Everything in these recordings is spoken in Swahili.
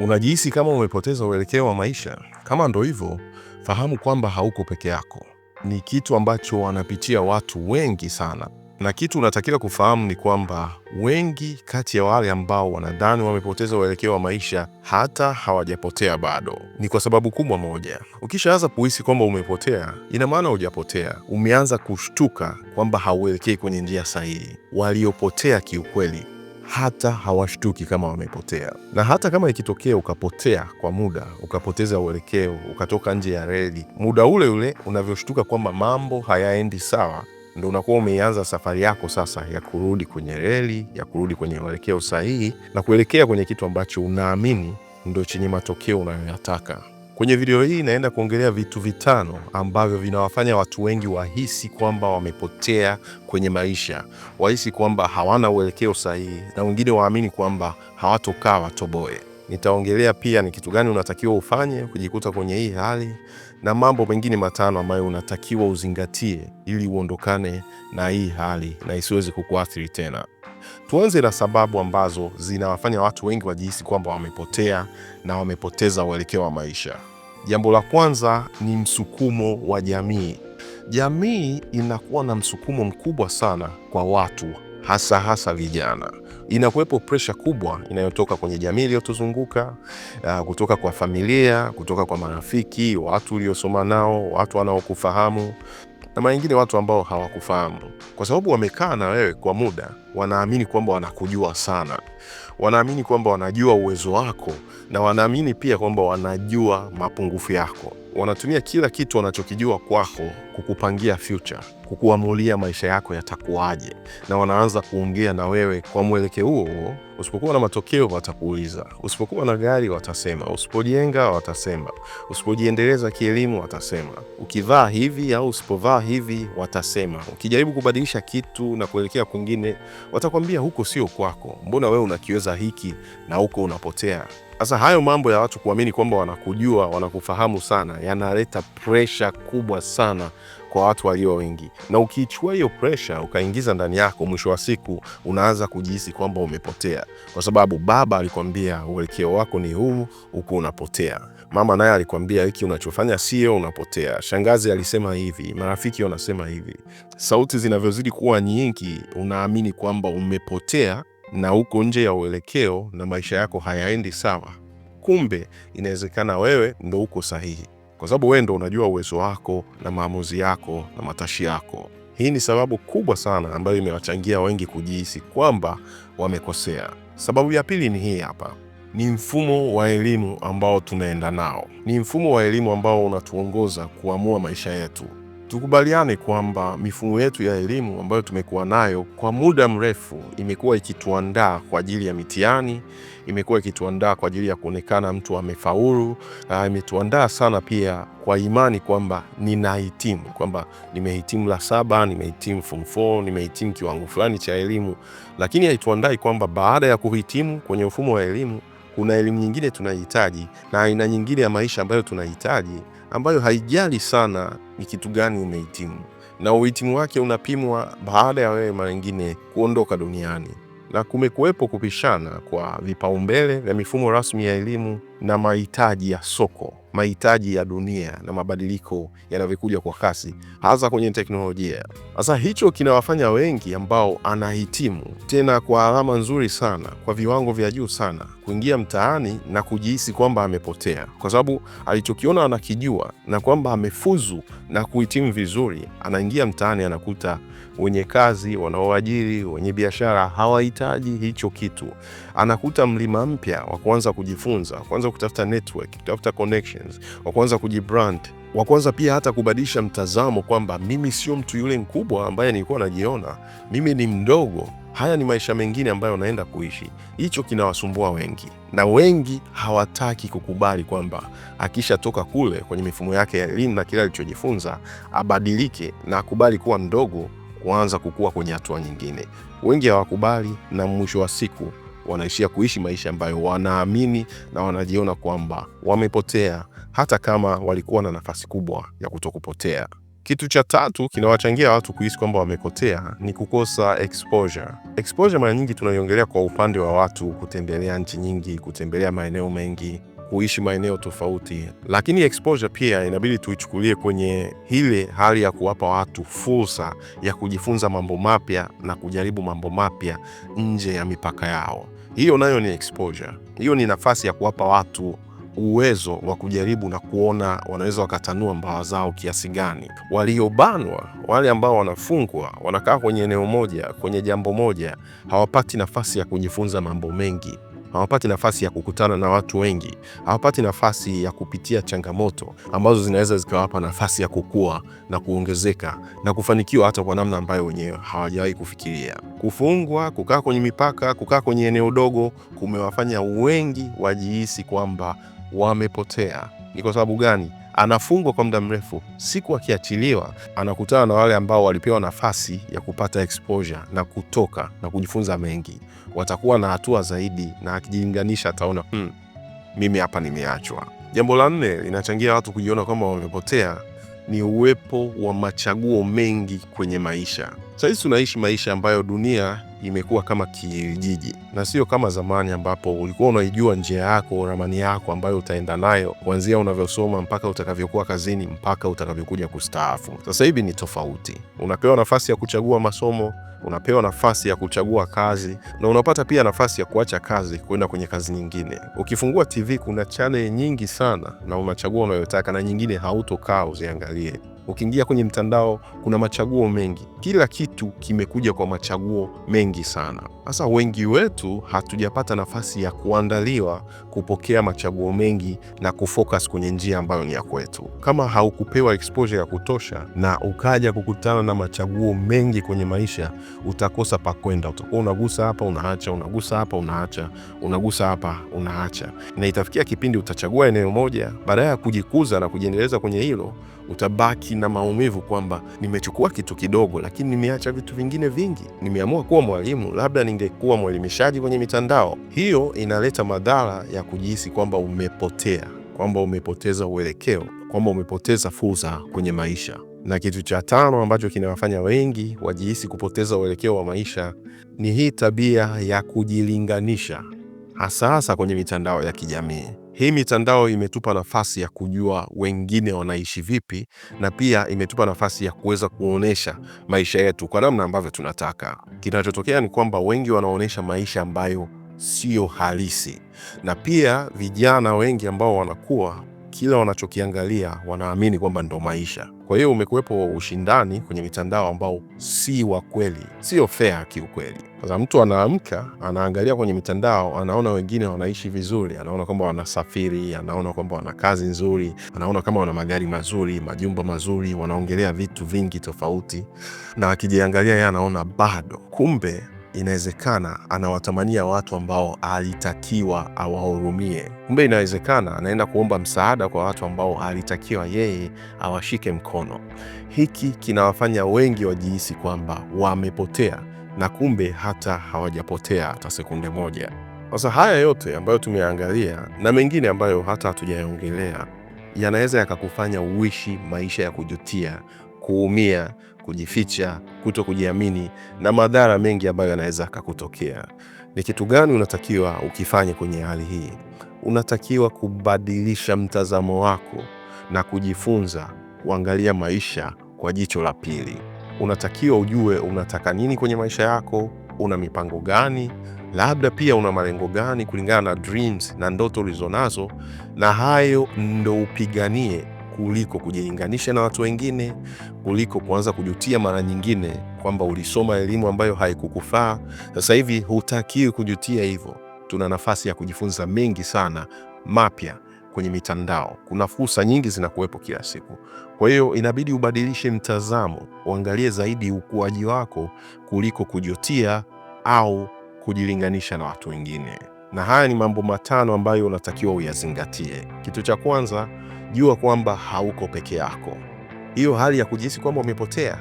Unajihisi kama umepoteza uelekeo wa maisha? Kama ndo hivyo, fahamu kwamba hauko peke yako. Ni kitu ambacho wanapitia watu wengi sana, na kitu unatakiwa kufahamu ni kwamba wengi kati ya wale ambao wanadhani wamepoteza uelekeo wa maisha hata hawajapotea bado. Ni kwa sababu kubwa moja, ukishaanza kuhisi kwamba umepotea, ina maana hujapotea, umeanza kushtuka kwamba hauelekei kwenye njia sahihi. Waliopotea kiukweli hata hawashtuki kama wamepotea. Na hata kama ikitokea ukapotea kwa muda, ukapoteza uelekeo, ukatoka nje ya reli, muda ule ule unavyoshtuka kwamba mambo hayaendi sawa, ndo unakuwa umeianza safari yako sasa ya kurudi kwenye reli, ya kurudi kwenye uelekeo sahihi na kuelekea kwenye kitu ambacho unaamini ndo chenye matokeo unayoyataka. Kwenye video hii naenda kuongelea vitu vitano ambavyo vinawafanya watu wengi wahisi kwamba wamepotea kwenye maisha, wahisi kwamba hawana uelekeo sahihi, na wengine waamini kwamba hawatokaa watoboe. Nitaongelea pia ni kitu gani unatakiwa ufanye kujikuta kwenye hii hali na mambo mengine matano ambayo unatakiwa uzingatie ili uondokane na hii hali na isiweze kukuathiri tena. Tuanze na sababu ambazo zinawafanya watu wengi wajihisi kwamba wamepotea na wamepoteza uelekeo wa maisha. Jambo la kwanza ni msukumo wa jamii. Jamii inakuwa na msukumo mkubwa sana kwa watu, hasa hasa vijana. Inakuwepo presha kubwa inayotoka kwenye jamii iliyotuzunguka, ah, kutoka kwa familia, kutoka kwa marafiki, watu uliosoma nao, watu wanaokufahamu na mara nyingine watu ambao hawakufahamu, kwa sababu wamekaa na wewe kwa muda wanaamini kwamba wanakujua sana, wanaamini kwamba wanajua uwezo wako, na wanaamini pia kwamba wanajua mapungufu yako. Wanatumia kila kitu wanachokijua kwako kukupangia future, kukuamulia maisha yako yatakuwaje, na wanaanza kuongea na wewe kwa mwelekeo huo huo. Usipokuwa na matokeo watakuuliza, usipokuwa na gari watasema, usipojenga watasema, usipojiendeleza kielimu watasema, ukivaa hivi au usipovaa hivi watasema, ukijaribu kubadilisha kitu na kuelekea kwingine watakwambia huko sio kwako, mbona wewe unakiweza hiki na huko unapotea. Sasa hayo mambo ya watu kuamini kwamba wanakujua wanakufahamu sana yanaleta presha kubwa sana kwa watu walio wengi, na ukiichukua hiyo presha ukaingiza ndani yako, mwisho wa siku unaanza kujihisi kwamba umepotea, kwa sababu baba alikwambia uelekeo wako ni huu, huko unapotea. Mama naye alikwambia hiki unachofanya sio, unapotea. Shangazi alisema hivi, marafiki wanasema hivi. Sauti zinavyozidi kuwa nyingi, unaamini kwamba umepotea na uko nje ya uelekeo na maisha yako hayaendi sawa. Kumbe inawezekana wewe ndo uko sahihi, kwa sababu wewe ndo unajua uwezo wako na maamuzi yako na matashi yako. Hii ni sababu kubwa sana ambayo imewachangia wengi kujihisi kwamba wamekosea. Sababu ya pili ni hii hapa ni mfumo wa elimu ambao tunaenda nao, ni mfumo wa elimu ambao unatuongoza kuamua maisha yetu. Tukubaliane kwamba mifumo yetu ya elimu ambayo tumekuwa nayo kwa muda mrefu imekuwa ikituandaa kwa ajili ya mitihani, imekuwa ikituandaa kwa ajili ya kuonekana mtu amefaulu. Imetuandaa sana pia kwa imani kwamba ninahitimu, kwamba nimehitimu la saba, nimehitimu form four, nimehitimu kiwango fulani cha elimu, lakini haituandai kwamba baada ya kuhitimu kwenye mfumo wa elimu kuna elimu nyingine tunahitaji na aina nyingine ya maisha ambayo tunahitaji, ambayo haijali sana ni kitu gani umehitimu, na uhitimu wake unapimwa baada ya wewe mara nyingine kuondoka duniani na kumekuwepo kupishana kwa vipaumbele vya mifumo rasmi ya elimu na mahitaji ya soko, mahitaji ya dunia na mabadiliko yanavyokuja kwa kasi, hasa kwenye teknolojia. Sasa hicho kinawafanya wengi ambao anahitimu tena kwa alama nzuri sana, kwa viwango vya juu sana, kuingia mtaani na kujihisi kwamba amepotea, kwa sababu alichokiona anakijua na kwamba amefuzu na kuhitimu vizuri, anaingia mtaani anakuta wenye kazi, wanaoajiri, wenye biashara hawahitaji hicho kitu. Anakuta mlima mpya wa kuanza kujifunza, kuanza kutafuta network, kutafuta connections, wa kuanza kujibrand wa kwanza pia hata kubadilisha mtazamo kwamba mimi sio mtu yule mkubwa ambaye nilikuwa najiona, mimi ni mdogo. Haya ni maisha mengine ambayo naenda kuishi. Hicho kinawasumbua wengi, na wengi hawataki kukubali kwamba akishatoka kule kwenye mifumo yake ya elimu na kile alichojifunza abadilike na akubali kuwa mdogo kuanza kukua kwenye hatua nyingine. Wengi hawakubali na mwisho wa siku wanaishia kuishi maisha ambayo wanaamini na wanajiona kwamba wamepotea, hata kama walikuwa na nafasi kubwa ya kutokupotea. Kitu cha tatu kinawachangia watu kuhisi kwamba wamepotea ni kukosa exposure. Exposure mara nyingi tunaiongelea kwa upande wa watu kutembelea nchi nyingi, kutembelea maeneo mengi, kuishi maeneo tofauti, lakini exposure pia inabidi tuichukulie kwenye ile hali ya kuwapa watu fursa ya kujifunza mambo mapya na kujaribu mambo mapya nje ya mipaka yao. Hiyo nayo ni exposure, hiyo ni nafasi ya kuwapa watu uwezo wa kujaribu na kuona wanaweza wakatanua mbawa zao kiasi gani. Waliobanwa, wale ambao wanafungwa, wanakaa kwenye eneo moja, kwenye jambo moja, hawapati nafasi ya kujifunza mambo mengi hawapati nafasi ya kukutana na watu wengi, hawapati nafasi ya kupitia changamoto ambazo zinaweza zikawapa nafasi ya kukua na kuongezeka na kufanikiwa hata kwa namna ambayo wenyewe hawajawahi kufikiria. Kufungwa, kukaa kwenye mipaka, kukaa kwenye eneo dogo kumewafanya wengi wajihisi kwamba wamepotea. Ni kwa sababu gani? anafungwa kwa muda mrefu, siku akiachiliwa anakutana na wale ambao walipewa nafasi ya kupata exposure na kutoka na kujifunza mengi, watakuwa na hatua zaidi, na akijilinganisha ataona hmm, mimi hapa nimeachwa. Jambo la nne linachangia watu kujiona kwamba wamepotea ni uwepo wa machaguo mengi kwenye maisha. Sahizi tunaishi maisha ambayo dunia imekuwa kama kijiji na sio kama zamani, ambapo ulikuwa unaijua njia yako, ramani yako ambayo utaenda nayo kuanzia unavyosoma mpaka utakavyokuwa kazini mpaka utakavyokuja kustaafu. Sasa hivi ni tofauti, unapewa nafasi ya kuchagua masomo, unapewa nafasi ya kuchagua kazi na unapata pia nafasi ya kuacha kazi kwenda kwenye kazi nyingine. Ukifungua TV kuna chane nyingi sana, na unachagua unayotaka, na nyingine hautokaa uziangalie. Ukiingia kwenye mtandao kuna machaguo mengi, kila kitu kimekuja kwa machaguo mengi sana. Sasa wengi wetu hatujapata nafasi ya kuandaliwa kupokea machaguo mengi na kufocus kwenye njia ambayo ni ya kwetu. Kama haukupewa exposure ya kutosha na ukaja kukutana na machaguo mengi kwenye maisha, utakosa pa kwenda. Utakuwa unagusa hapa unaacha, unagusa hapa unaacha, unagusa hapa unaacha, na itafikia kipindi utachagua eneo moja, baada ya kujikuza na kujiendeleza kwenye hilo utabaki na maumivu kwamba nimechukua kitu kidogo, lakini nimeacha vitu vingine vingi. Nimeamua kuwa mwalimu, labda ningekuwa mwelimishaji kwenye mitandao. Hiyo inaleta madhara ya kujihisi kwamba umepotea, kwamba umepoteza uelekeo, kwamba umepoteza fursa kwenye maisha. Na kitu cha tano ambacho kinawafanya wengi wajihisi kupoteza uelekeo wa maisha ni hii tabia ya kujilinganisha, hasa hasa kwenye mitandao ya kijamii. Hii mitandao imetupa nafasi ya kujua wengine wanaishi vipi, na pia imetupa nafasi ya kuweza kuonyesha maisha yetu kwa namna ambavyo tunataka. Kinachotokea ni kwamba wengi wanaonyesha maisha ambayo sio halisi, na pia vijana wengi ambao wanakuwa kila wanachokiangalia wanaamini kwamba ndo maisha. Kwa hiyo umekuwepo ushindani kwenye mitandao ambao si wa kweli, sio fair kiukweli. Sasa mtu anaamka anaangalia kwenye mitandao, anaona wengine wanaishi vizuri, anaona kwamba wanasafiri, anaona kwamba wana kazi nzuri, anaona kama wana magari mazuri, majumba mazuri, wanaongelea vitu vingi tofauti, na akijiangalia yeye anaona bado, kumbe inawezekana anawatamania watu ambao alitakiwa awahurumie. Kumbe inawezekana anaenda kuomba msaada kwa watu ambao alitakiwa yeye awashike mkono. Hiki kinawafanya wengi wajihisi kwamba wamepotea na kumbe hata hawajapotea hata sekunde moja. Sasa haya yote ambayo tumeyaangalia na mengine ambayo hata hatujayaongelea yanaweza yakakufanya uishi maisha ya kujutia, kuumia, kujificha, kuto kujiamini na madhara mengi ambayo yanaweza kakutokea. Ni kitu gani unatakiwa ukifanye kwenye hali hii? Unatakiwa kubadilisha mtazamo wako na kujifunza kuangalia maisha kwa jicho la pili. Unatakiwa ujue unataka nini kwenye maisha yako, una mipango gani, labda pia una malengo gani kulingana na dreams na ndoto ulizonazo, na hayo ndo upiganie kuliko kujilinganisha na watu wengine, kuliko kuanza kujutia mara nyingine kwamba ulisoma elimu ambayo haikukufaa. Sasa hivi hutakiwi kujutia hivyo. Tuna nafasi ya kujifunza mengi sana mapya kwenye mitandao, kuna fursa nyingi zinakuwepo kila siku. Kwa hiyo inabidi ubadilishe mtazamo, uangalie zaidi ukuaji wako kuliko kujutia au kujilinganisha na watu wengine. Na haya ni mambo matano ambayo unatakiwa uyazingatie. Kitu cha kwanza jua kwamba hauko peke yako. Hiyo hali ya kujihisi kwamba umepotea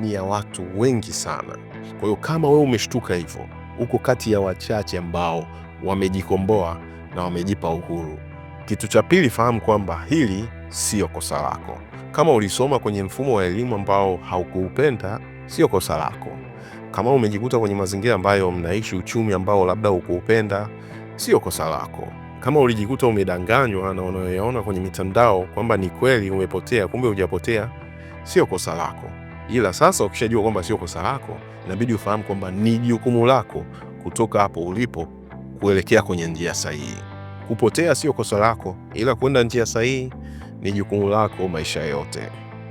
ni ya watu wengi sana. Kwa hiyo kama wewe umeshtuka hivyo, uko kati ya wachache ambao wamejikomboa na wamejipa uhuru. Kitu cha pili, fahamu kwamba hili siyo kosa lako. Kama ulisoma kwenye mfumo wa elimu ambao haukuupenda, sio kosa lako. Kama umejikuta kwenye mazingira ambayo mnaishi uchumi ambao labda hukuupenda, sio kosa lako. Kama ulijikuta umedanganywa na unayoyaona kwenye mitandao kwamba ni kweli umepotea, kumbe hujapotea, sio kosa lako. Ila sasa ukishajua kwamba sio kosa lako, inabidi ufahamu kwamba ni jukumu lako kutoka hapo ulipo kuelekea kwenye njia sahihi. Kupotea sio kosa lako, ila kwenda njia sahihi ni jukumu lako maisha yote.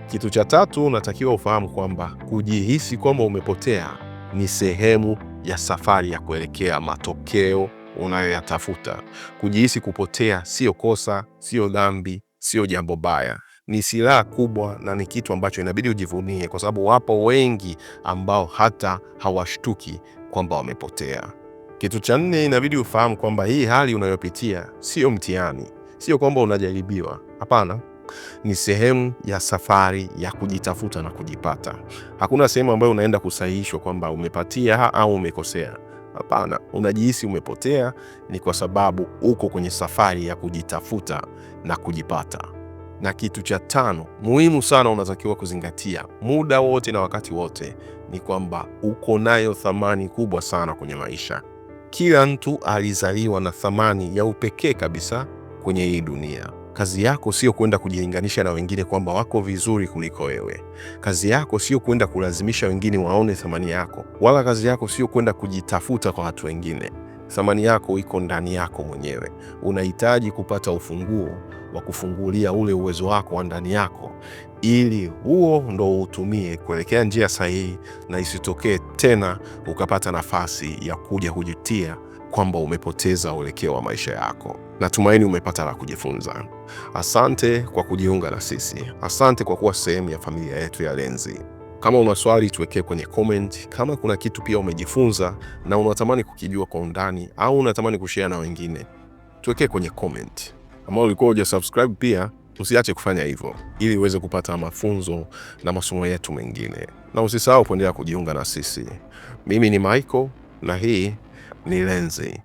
Kitu cha tatu, unatakiwa ufahamu kwamba kujihisi kwamba umepotea ni sehemu ya safari ya kuelekea matokeo unayoyatafuta. Kujihisi kupotea sio kosa, sio dhambi, sio jambo baya, ni silaha kubwa na ni kitu ambacho inabidi ujivunie, kwa sababu wapo wengi ambao hata hawashtuki kwamba wamepotea. Kitu cha nne, inabidi ufahamu kwamba hii hali unayopitia sio mtihani, sio kwamba unajaribiwa. Hapana, ni sehemu ya safari ya kujitafuta na kujipata. Hakuna sehemu ambayo unaenda kusahihishwa kwamba umepatia au umekosea. Hapana, unajihisi umepotea, ni kwa sababu uko kwenye safari ya kujitafuta na kujipata. Na kitu cha tano muhimu sana unatakiwa kuzingatia muda wote na wakati wote ni kwamba uko nayo thamani kubwa sana kwenye maisha. Kila mtu alizaliwa na thamani ya upekee kabisa kwenye hii dunia. Kazi yako sio kwenda kujilinganisha na wengine kwamba wako vizuri kuliko wewe. Kazi yako sio kwenda kulazimisha wengine waone thamani yako, wala kazi yako sio kwenda kujitafuta kwa watu wengine. Thamani yako iko ndani yako mwenyewe. Unahitaji kupata ufunguo wa kufungulia ule uwezo wako wa ndani yako, ili huo ndo utumie kuelekea njia sahihi, na isitokee tena ukapata nafasi ya kuja kujutia kwamba umepoteza uelekeo wa maisha yako. Natumaini umepata la kujifunza. Asante kwa kujiunga na sisi, asante kwa kuwa sehemu ya familia yetu ya Lenzi. Kama una swali, tuwekee kwenye comment. Kama kuna kitu pia umejifunza na unatamani kukijua kwa undani au unatamani kushea na wengine, tuwekee kwenye comment. Ambao ulikuwa uja pia usiache kufanya hivyo ili uweze kupata mafunzo na masomo yetu mengine, na usisahau kuendelea kujiunga na sisi. Mimi ni Michael na hii Lindsay.